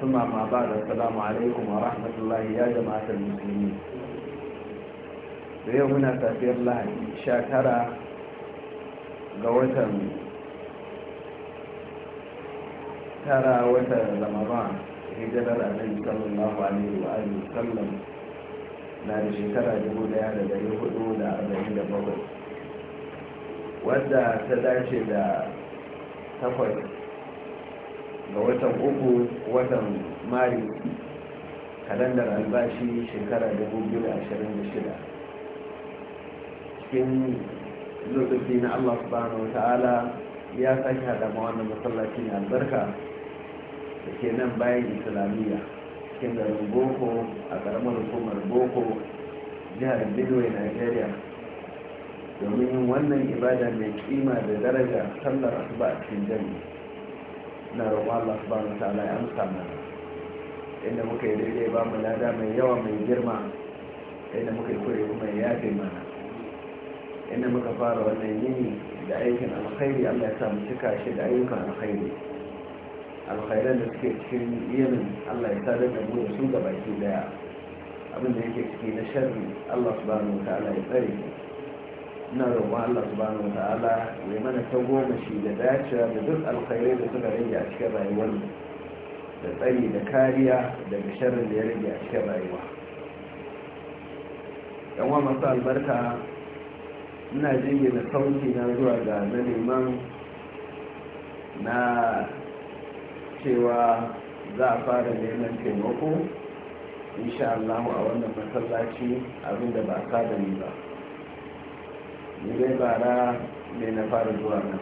ثم ما بعد السلام عليكم ورحمة الله يا جماعة المسلمين yau muna safiyar lahadi sha tara ga watan tara watan ramadan hijirar annabi sallallahu alaihi wa alihi sallam na da shekara dubu daya da dari hudu da arba'in da bakwai wadda ta dace da takwas ga watan uku watan mari kalandar albashi shekara 2026 cikin lokaci na allah subhanahu wa ta'ala ya sake hada ma wannan masallaci na albarka da ke nan bayan islamiyya cikin garin boko a karamar hukumar boko jihar benue nigeria domin yin wannan ibada mai kima da daraja sallar asuba a cikin jami'a na roƙo Allah subhanahu wa ta'ala ya amsa mana inda muka yi daidai ba mu lada mai yawa mai girma inda muka yi kure kuma ya yafe mana inda muka fara wannan yini da aikin alkhairi Allah ya sa mu cika shi da ayyukan alkhairi alkhairan da suke cikin yinin Allah ya sadar da mu da su gabaki daya abin da yake ciki na sharri Allah subhanahu wa ta'ala ya tsare mu ina roƙon Allah subhanahu wa ta'ala ya mana ta goma shi da dace da duk alkhairai da suka rage a cikin rayuwar da tsari da kariya daga sharrin da ya rage a cikin rayuwa yan wa masu albarka ina jingina sauki na zuwa ga na neman na cewa za a fara neman taimako insha Allah a wannan masallaci abinda ba a ni ba ni dai bara ne na fara zuwa nan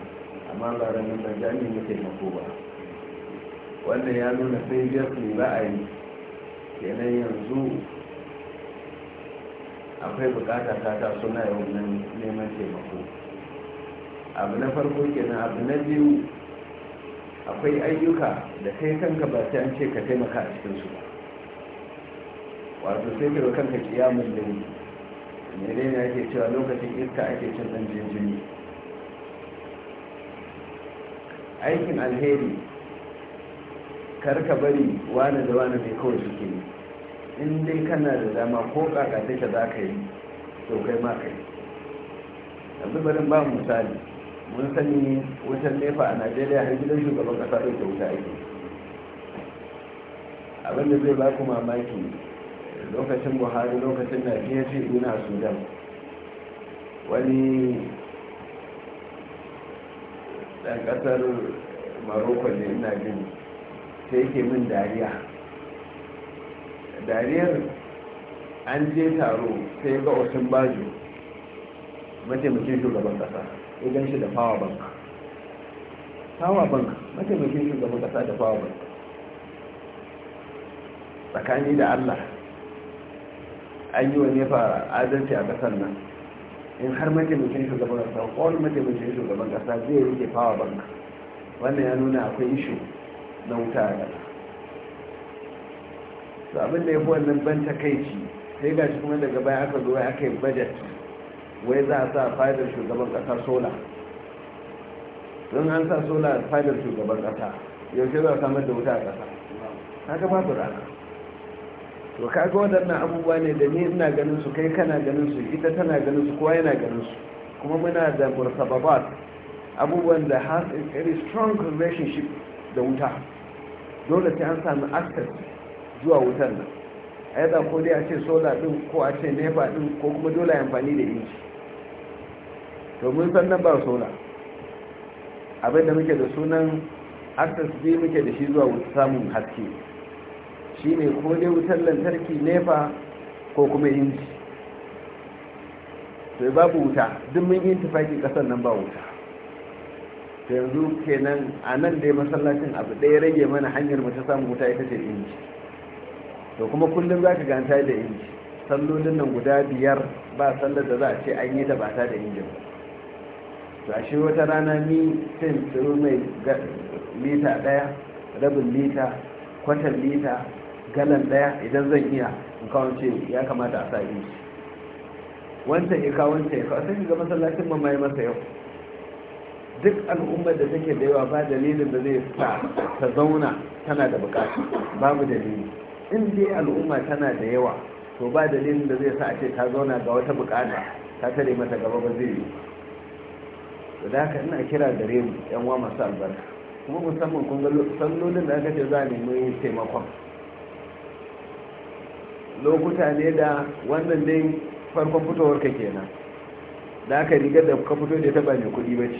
amma bara mun da jami'in na taimako ba wannan ya nuna sai biyar ne ba a yi kenan yanzu akwai bukata ta ta suna wannan neman taimako abu na farko kenan abu na biyu akwai ayyuka da kai kanka ba sai an ce ka taimaka a cikinsu ba wato sai kai kanka kiyamun da menene ake cewa lokacin iska ake cin ɗan jini aikin alheri Kar ka bari wani da wani mai kawai suke ne in dai kana da dama ko kakataka za ka yi to kai ma kai yanzu barin ba misali mun sani wutar nefa a najeriya har gidan shugaban ƙasar ɗauke wuta aiki abinda zai ba ku mamaki lokacin buhari lokacin na ce ina sudan wani ɗan ƙasar maroko ne ina jin sai yake min dariya dariyar an je taro sai ga osun baju mataimakin shugaban ƙasa idan shi da power bank power bank mataimakin shugaban ƙasa da power bank tsakani da allah an yi wa nefa adalci a kasar nan in har mataimakin shugaban kasa kowane mataimakin shugaban kasa zai rike fawa bank wannan ya nuna akwai ishu na wuta a kasa su abin da ya fi wannan ban takaici sai ga shi kuma daga baya aka zo aka yi budget wai za a sa fadar shugaban kasa sola don an sa sola fadar shugaban kasa yaushe za a samar da wuta a kasa ta ga babu rana to kaga waɗannan abubuwa ne da ni ina ganin su kai kana ganin su ita tana ganin su kowa yana ganin su kuma muna da mursababat abubuwan da has a very strong relationship da wuta dole sai an sami access zuwa wutar nan a yadda ko dai a ce sola din ko a ce nefa din ko kuma dole amfani da inci, to mun san nan ba sola abinda muke da sunan access bi muke da shi zuwa samun haske Shi ne ko dai wutar lantarki nefa ko kuma inji to babu wuta duk mun yi tufaki kasar nan ba wuta to yanzu kenan a nan dai masallacin abu ɗaya rage mana hanyar mu ta samu wuta ita ce inji to kuma kullum za ka ganta da inji sallolin nan guda biyar ba sallar da za a ce an yi ta bata da injin ba shi wata rana ni sai mai lita ɗaya rabin lita kwatar lita galan daya idan zan iya in kawo ce ya kamata a sa inci Wanta ya kawo wanta ya kawo sai ga masallacin mamma ya masa yau duk al'ummar da take da yawa ba dalilin da zai sa ta zauna tana da bukata babu dalili in dai al'umma tana da yawa to ba dalilin da zai sa a ce ta zauna ga wata bukata ta tare mata gaba ba zai yi da haka ina kira gare mu yan wa masu albarka kuma musamman kun ga sallolin da aka ce za a nemi taimakon lokuta ne da wannan dai farkon fitowar ka kenan da aka rigar da ka fito da ta ba mai kudi ba ce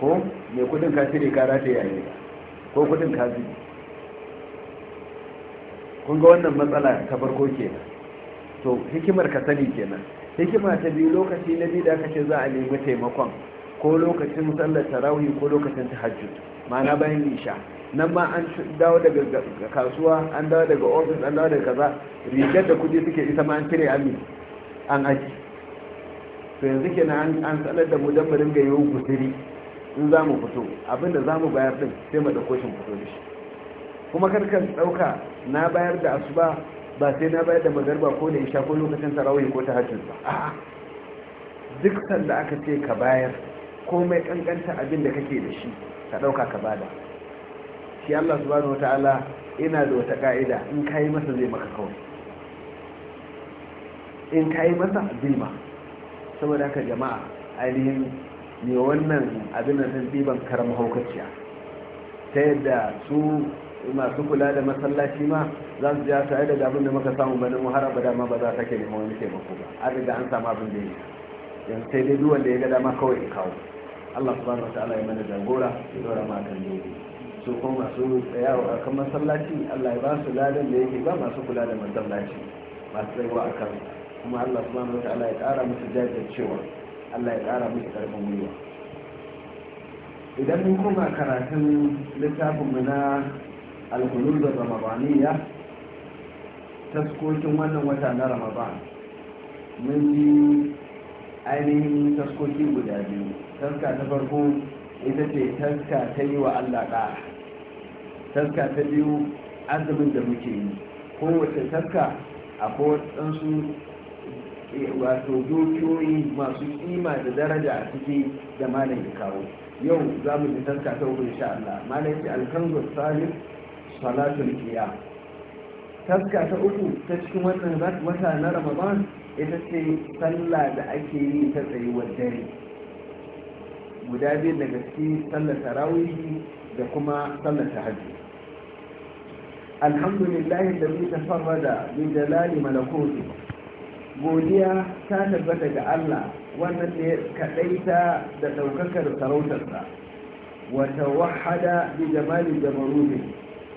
ko mai kudin ka cire kara ta yayi ko kudin ka zubi kun ga wannan matsala ta farko kenan to hikimar ka sani kenan hikima ta biyu lokaci na biyu da aka ce za a nemi taimakon ko lokacin sallar tarawih ko lokacin tahajjud ma'ana bayan isha nan ma an dawo daga kasuwa an dawo daga ofis an dawo daga kaza rigar da kudi suke ita ma an cire ami an aji to yanzu ke nan an sanar da mu don mu ga yiwu gusiri in za mu fito abinda za mu bayar din sai mu ɗauko shi fito da shi kuma karkar ɗauka na bayar da asuba ba sai na bayar da magarba ko da isha ko lokacin tarawih ko ta hajjin ba a'a duk sanda aka ce ka bayar komai kankanta abin da kake da shi ka ɗauka ka bada shi Allah subhanahu wata'ala ina da wata ka'ida in ka yi masa zai maka kawai in ka yi masa zai ma saboda haka jama'a ainihin ne wannan abin nan ɗiban karama haukaciya ta yadda su masu kula da masallaci ma za su ja tare da abin da muka samu banin muhara ba dama ba za ta ke nema wani taimako ba an riga an samu abin da ya yanzu sai dai duwan wanda ya ga dama kawai kawo Allah subhanahu wa ta'ala ya mana jagora ya dora ma kan dole su kuma masu tsayawa a kan masallaci Allah ya ba su ladan da yake ba masu kula da masallaci masu tsayuwa a kan kuma Allah su subhanahu ta allah ya kara musu jajircewa Allah ya kara musu karfin gwiwa idan mun koma karatun littafin mu na alhulul da ramadaniya taskokin wannan wata na ramadan mun yi ainihin taskoki guda biyu taska ta farko ita ce taska ta yi wa allah ɗaya taska ta biyu azumin da muke yi kowace taska a waɗansu eh, wato dokiyoyi masu kima da daraja a da malam ya kawo yau za mu ji taska ta uku insha Allah malam ya alkanzu salih salatul taska ta uku ta cikin wannan wata na ramadan ita ce sallah da ake yi ta tsayuwar dare guda biyu daga cikin sallar tarawihi da kuma sallar Hajji. alhamdulillahi da bi tafarrada bi jalali malakuti godiya ta tabbata ga Allah wannan ne kaɗaita da ɗaukakar sarautarsa Wata wahada bi jamali jabaruti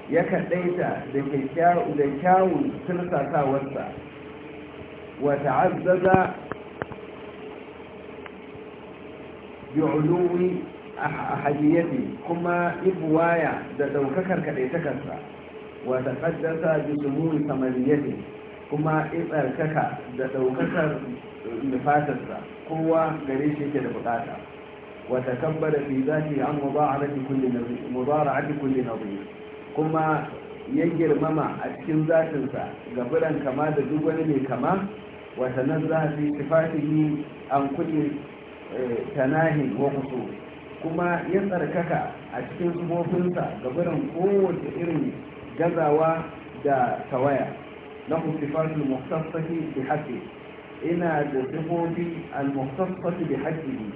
ya kaɗaita da kyawun sirsasawarsa wa ta'azzaza bi ahadiyyati kuma ibuwaya da daukakar kadaitakarsa wa ƙaddasa bi sumuri samaniyyati kuma itsarkaka da daukakar nufatarsa kowa gare shi yake da buƙata wa takabbara fi zati an mudara'ati kulli kulli kuma ya girmama a cikin zafinsa ga biran kama da duk wani mai kama wa tanazzaha fi sifatihi an kulli eh, tanahin wa qusur kuma ya tsarkaka a cikin sufofinsa ga birin kowace irin gazawa da tawaya na hukufatul muktassafi bi haƙƙi ina da sufofi al-muktassafi bi haƙƙi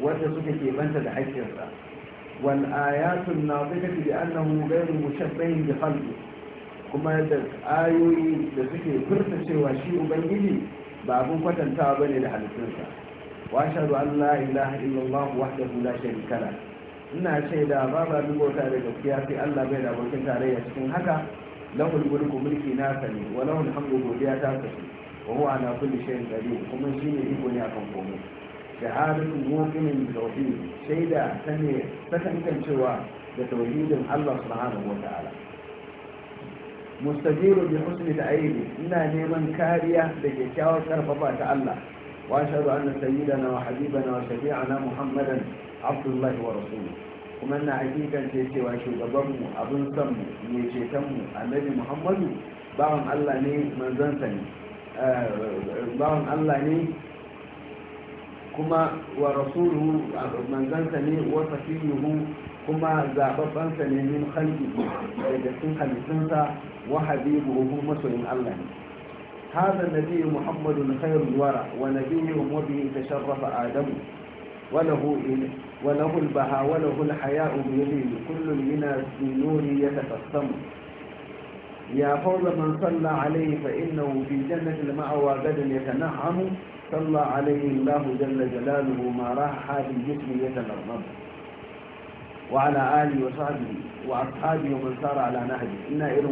wanda suka keɓanta da haƙƙinsa wal ayatun nadhikatu bi annahu ghayru mushabbahin bi khalqi kuma da ayoyi da suke furta cewa shi ubangiji ba abin kwatantawa bane da halittunsa وأشهد أن لا إله إلا الله وحده لا شريك له ina shaida babu abin bauta da gaskiya sai Allah bai da abokin tarayya cikin haka lahul mulku mulki na sani wa lahul hamdu godiya ta sani wa huwa ala kulli shay'in qadir kuma shine iko ne akan komai shahadatu mu'minin bi tawhid shaida ta ne ta tantancewa da tauhidin Allah subhanahu wa ta'ala mustajiru bi husni ta'ayyi ina neman kariya da kyakkyawar karfafa ta Allah وأشهد أن سيدنا وحبيبنا وشفيعنا محمدا عبد الله ورسوله kuma na hakikan ce cewa shugabanmu abin sanmu mai cetonmu annabi muhammadu bawan allah ne manzansa ne bawan allah ne kuma wa rasuluhu manzansa ne wa safiyuhu kuma zababbansa ne min khalqi daga cikin halittunsa wa habibuhu masoyin allah ne هذا النبي محمد خير الورى ونبي وبه تشرف آدم وله وله البهاء وله الحياء بيده كل من بنور يتفصم يا فوز من صلى عليه فإنه في جنة المأوى غدا يتنعم صلى عليه الله جل جلاله ما راح هذا الجسم يتنظم وعلى آله وصحبه وأصحابه ومن سار على نهجه إنا إلى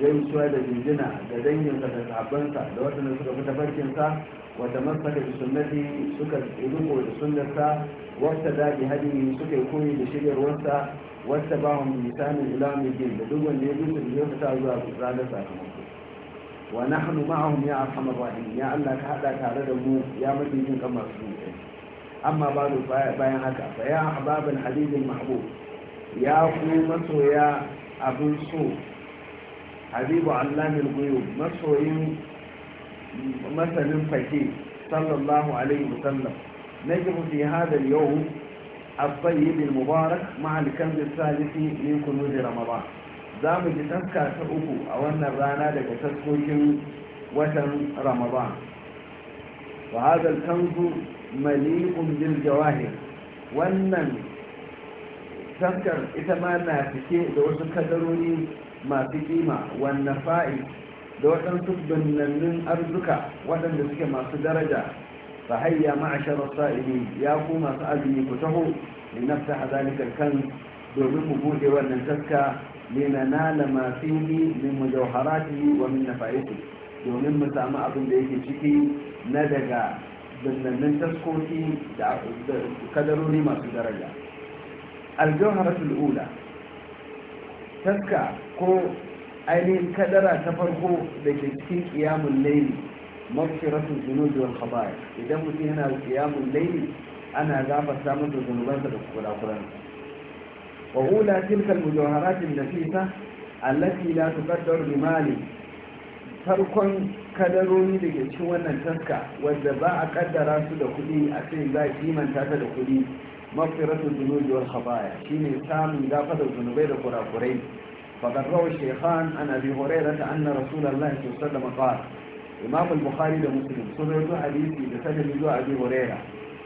gaisuwa da jinjina da danginsa da sahabbansa da waɗanda suka fi tafarkinsa wata masaka da sunnati suka riko da sunnarsa wata da bi yi suka yi koyi da shigarwarsa wata ba mu misalin ilamin din da duk wanda ya bi su ta zuwa ranar sakamako wa nahnu ma'ahum ya arhamar rahim ya Allah ka hada tare da mu ya mafi jin kamar su amma ba bayan haka fa ya ahbabul hadidin mahbub ya ku masoya abin so habibu allamin guyu masoyin masanin fake sallallahu alaihi wasallam na jihu fi hadar yau a tsayyid mubarak ma'al kanzu salisi ni kunu da ramaba za mu ji taska ta uku a wannan rana daga taskokin watan ramaba wa hadar kanzu mali'un bil jawahir wannan taskar ita ma na fike da wasu kadaroni masu kima wanda fa'i da waɗansu binnannin arzuka waɗanda suke masu daraja fa hayya ma'ashar sa'ili ya ku masu azumi ku taho li nafsa zalika kan domin mu bude wannan taska linanala ma fihi min mujawharatihi wa min nafa'ihi domin mu samu abin da yake ciki na daga binnannin taskoki da kadarori masu daraja aljawharatul ula taska ko ainihin kadara ta farko da ke cikin kiyamun laili mafiratun zunubi wal khabaya idan mutum yana kiyamun laili ana gafarta masa zunubansa da kurakuran wa ula tilka al al nafisa allati la tuqaddaru bi mali farkon kadaroni da ke cikin wannan taska wadda ba a kaddara su da kuɗi a cikin za a kimanta ta da kuɗi da zunubi wal khabaya shine samun da zunubai da kurakurai فقد روى الشيخان عن أبي هريرة أن رسول الله صلى الله عليه وسلم قال إمام البخاري ومسلم سنة حديثي بسند أبي هريرة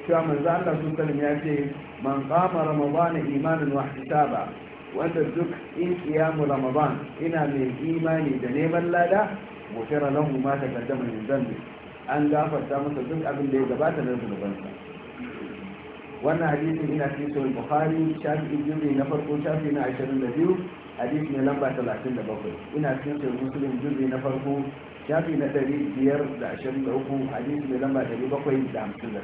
cewa manzo Allah sun sanin ya ce man qama ramadana imanan wa ihtisaba wanda duk in qiyamu ramadan ina mai imani da neman lada gofira lahu ma taqaddama min dhanbi an gafarta masa duk abin da ya gabata na zunubansa wannan hadisin ina cikin sahih bukhari shafi na farko shafi na 22 hadisi ne lamba 37 ina cikin sai musulun jirgi na farko shafi na 523 hadisi ne lamba 759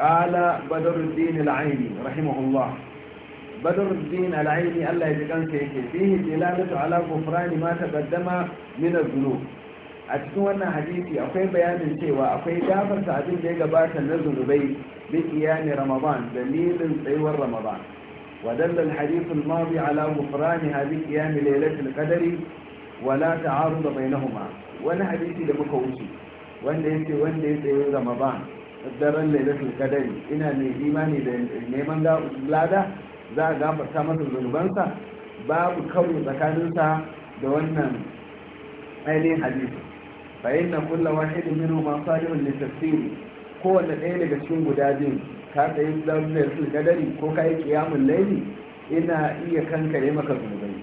قال بدر الدين العيني رحمه الله Allah الدين العيني الله يجعل كيكي فيه دلالة على غفران ما تقدم من الذنوب a cikin wannan hadisi akwai bayanin cewa akwai gafarta abin da ya gabata na zunubai da iyami ramadan dalilin tsayuwar ramadan ودل الحديث الماضي على غفران هذه قيام ليلة wala ولا تعارض بينهما wani hadisi da muka wuce wanda yake wanda ya sayo tsaye ramadan daren lailatul qadr ina ne imani da neman lada za'a a gafarta masa zunubansa babu kauri tsakaninsa da wannan ainihin hadisi fa inna kullu wahidin minhuma salihun li tafsiri kowanne ɗaya daga cikin guda biyun ka tsaye lafiyar kadari ko ka yi kiyamun laili ina iya kankare maka zunubai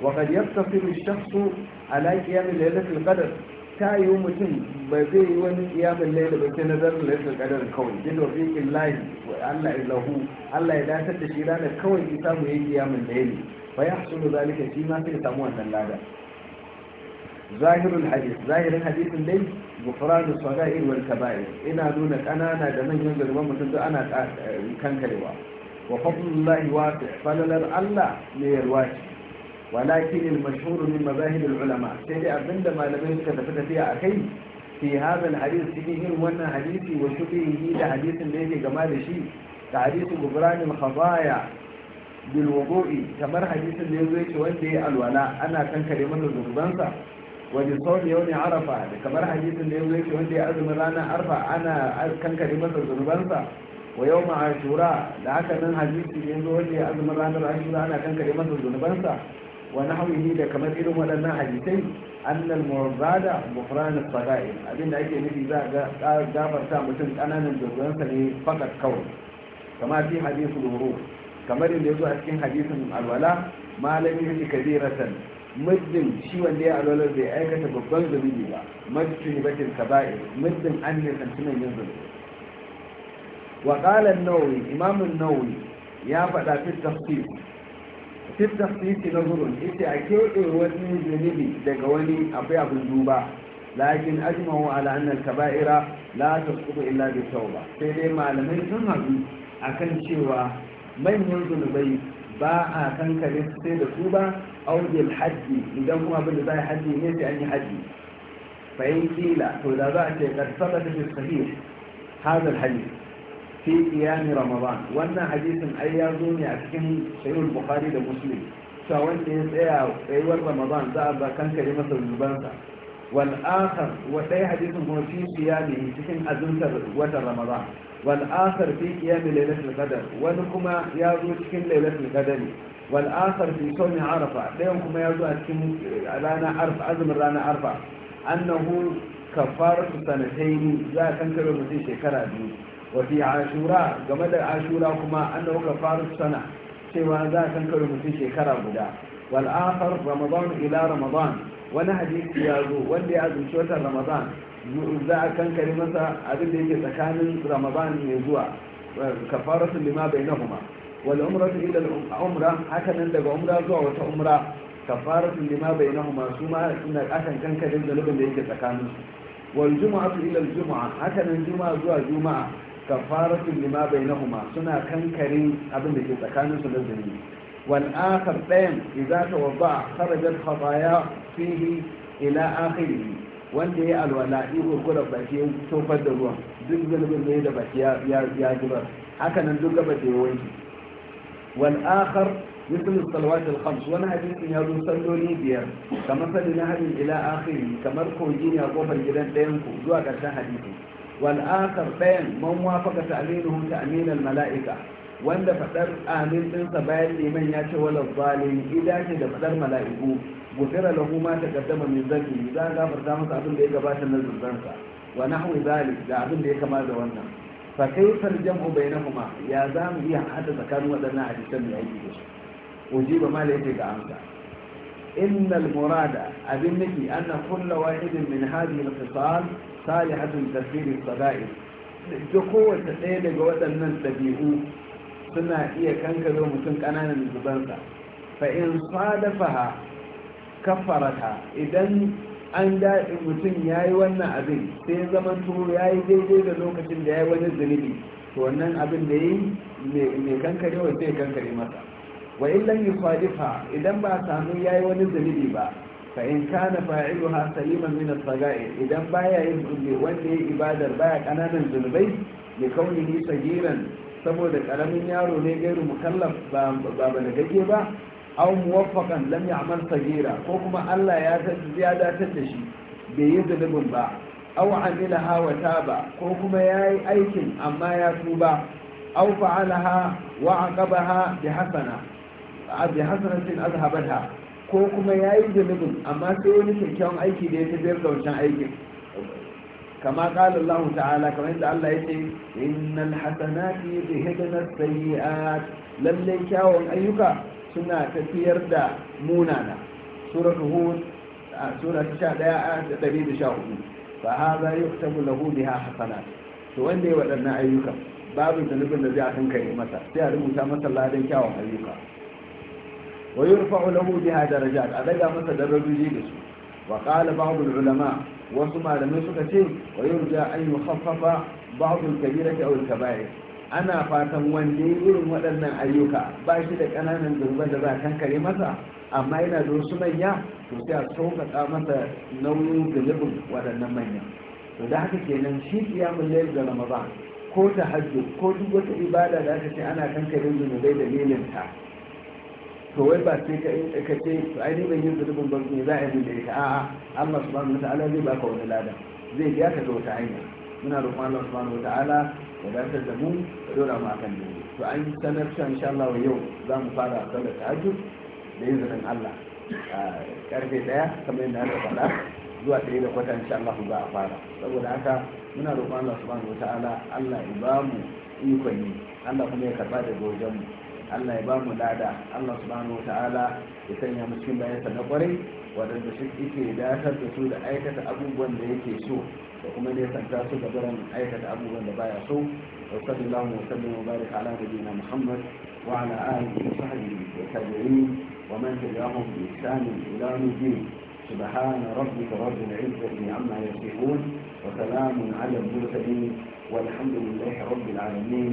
wa kad yaftasiru shakhsu ala qiyam lailatul qadr ta yi mutum ba zai yi wani kiyamun laili ba sai nazarin lailatul qadr kawai bi tawfiqin lahi wa Allah ilahu Allah ya datar da shi ranar kawai ki samu yayi kiyamun laili fa yahsulu zalika shi ma sai samu wannan lada zahirul hadith zahirin hadithin dai bufuranu sarai wal kabari ina nuna kanana da manyan garuwan mutum duk ana kankarewa wa fadlullahi wa falalar Allah ne yarwa ce walakin al mashhur min mazahib al ulama sai dai abinda malamai suka tafi tafiya akai fi hadha al hadith fi hin wannan hadisi wa shubihi da hadisin da yake gama da shi da hadisin gubrani al khabaya bil kamar hadisin da yake wanda ya yayi alwala ana kankare mana zubansa wani sauri yau harafa arafa da kamar hadisin da ya wuce wanda ya azumin ranar arfa ana kankare masa zunubansa wa yau ma ashura da haka nan hadisi ne zo wanda ya azumin ranar ashura ana kankare masa zunubansa wa nahwihi da kamar irin waɗannan hadisai annal murzada bufran as-sagair abinda ake nufi za ga gafarta mutum kananan zunubansa ne fakat kawai kama fi hadisul kamar yadda yazo a cikin hadisin alwala malami yake kabiratan muddin shi wanda ya alwalar bai aikata babban zunubi ba majtuni batin kaba'ir muddin an ne santunan yin zunubi wa qala an-nawawi nawawi ya faɗa fi tafsir fi tafsir na gurun ita a keɓe wani zunubi daga wani abu abin duba lakin ajmahu ala anna al-kaba'ira la tasqutu illa bi tauba sai dai malamai sun haɗu akan cewa manyan zunubai ba a kankare sai da su ba. auzin haji idan kuma abin da za a haji ne an yi haji fahim kila to da za a ce karfa da fi sahih hazar haji fi iyami ramadan wannan hadisin ai ya zo ne a cikin shayin bukhari da muslim cewa wanda ya tsaya tsayuwar ramadan za a ba kankare masa zubansa wal akhar wa sai hadisin kuma fi iyami cikin azuntar watan ramadan wal akhar fi qiyam lailatul qadr wani kuma ya zo cikin lailatul qadr wal'asar akhar fi sawmi arafa dayan kuma ya zo a cikin eh, rana arfa azumin rana arfa annahu kafaratu sanatayn za a kankare mutum shekara biyu wa ashura game da ashura kuma annahu kafaratu sana cewa za a kankare mutum shekara guda wal akhar ramadan ila ramadan wani hadisi ya zo wanda ya azumci watan ramadan za a kankare masa abin da yake tsakanin ramadan mai zuwa eh, kafaratun lima bai Wani umra su ila al umra haka nan daga umra zuwa wata umra kafaratun lima bainahuma su ma suna akan kankare zalubin da yake tsakanin su juma'a su ila al jumu'a haka nan juma'a zuwa juma'a kafaratun lima bai bainahuma suna kankare abin da ke tsakanin su na zunubi wal akhar ɗayan idza tawadda kharajat khataaya فيه الى اخره wanda ya alwala iro kura bashi tofar da ruwan duk zalibin zai da bashi ya zubar haka nan duk gaba da yawon ji wal akhar yusuf wani hadisin ya zuwa salloli biyar kamar sani na hadin ila akhiri kamar kogi ne a kofar gidan ɗayan ku zuwa ƙarshen hadisi Wal'akar akhar ɗayan man wafa ta ta'minu ta'min al mala'ika wanda faɗar amin ɗinsa bayan liman ya ce wala zalimi gida ce da faɗar mala'iku gufira da kuma ta kaddama mai zanbi za a gafarta masa abin da ya gabata na zurzansa wa nahwu zalik da abin da ya kama da wannan fa kai san jamu kuma ya za iya hada tsakanin waɗannan hadisan da yake da uji ba ma yake ga amsa innal murada abin niki, anna kullu wahidin min hadhihi al-qisal salihatun tafsir al da duk kowace ɗaya daga waɗannan dabi'u. suna iya kankare mutum ƙananan zubarsa fa in sadafaha kafarata idan an daɗi mutum ya yi wannan abin sai zaman turo ya yi daidai da lokacin da ya yi wani zunubi to wannan abin da ya yi mai kankare wa sai kankare masa wa illan yi kwalifa idan ba samu ya yi wani zunubi ba fa in kana fa'ilu ha saliman min as-saga'i idan baya yin zunubi wanda ya ibadar baya kananan zunubai kauni ni sagiran saboda karamin yaro ne gairu mukallaf ba ba gaje ba aw muwaffaqan lam ya'mal sagira ko kuma Allah ya ya da shi bai yi zulubin ba aw amilaha wa taba ko kuma yayi aikin amma ya tuba aw fa'alaha wa aqabaha bi hasana bi hasanatin azhabaha ko kuma yayi zulubin amma sai wani kyakkyawan aiki da ya tafiyar da wancan aikin kama qala Allah ta'ala kamar yadda Allah yake innal hasanati yudhhibna as-sayyi'at lalle kyawun ayyuka suna tafiyar da munana suratul hud sura 11 ayat 114 fa hadha yuktabu lahu biha hasanat to wanda ya waɗannan ayyuka babu zanubin da zai a masa sai a rubuta masa ladan kyawun ayyuka wa yurfa'u lahu biha darajat a daga masa darajoji da su wa ulama wasu malamai suka ce wa yau da an yi haffafa ba'adun kabira ta aul ana fatan wanda ya irin waɗannan ayyuka ba shi da ƙananan zunuban da za a kankare masa amma yana da wasu manya to sai a sauƙaƙa masa nauyin zunubin waɗannan manya to da haka kenan shi kiyamun layl da ramadan ko ta hajji ko duk wata ibada da aka ce ana kankare zunubai da ta to wai ba sai ka in ka ce to ni ban yin zulubin ban ne za a yi da ita a'a Allah subhanahu ta'ala zai baka wani lada zai biya ka da wata hanya muna roƙon Allah subhanahu wataala ya dace da mu ya dora mu akan dole to an sanar cewa insha Allah yau za mu fara sallar tahajjud da izinin Allah karfe daya kamar yadda aka faɗa zuwa ɗaya da kwata insha Allah za a fara saboda haka muna roƙon Allah subhanahu ta'ala Allah ya ba mu ikon yi Allah kuma ya karɓa daga wajen mu Allah ya ba mu lada Allah subhanahu wataala ya sanya mu cikin bayansa na kwarai waɗanda shi yake datar da su da aikata abubuwan da yake so da kuma ne santa su da barin aikata abubuwan da baya so wa sallallahu wa sallam wa barik ala nabiyyina muhammad wa ala alihi wa sahbihi wa tabi'in wa man tabi'ahum bi ihsan ila yawm سبحان ربك رب العزة عما يصفون وسلام على المرسلين والحمد لله رب العالمين